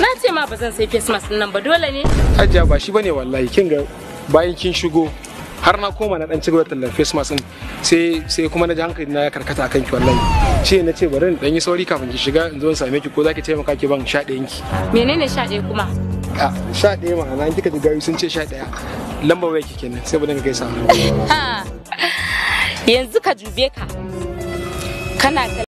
na ce ma ba zan sai face mask nan ba dole ne hajja ba shi bane wallahi kin ga bayan kin shigo har na koma na dan cigaba tallan face mask din sai sai kuma na ji hankali na ya karkata akan ki wallahi shi na ce bari dan yi sauri kafin ki shiga in zo in same ki ko zaki taimaka ki ban sha ɗayan ki menene sha ɗaya kuma a sha ɗaya ma'ana kika ji gayu sun ce sha ɗaya lambar waya kenan sai mu dinga gaisa yanzu ka jube ka kana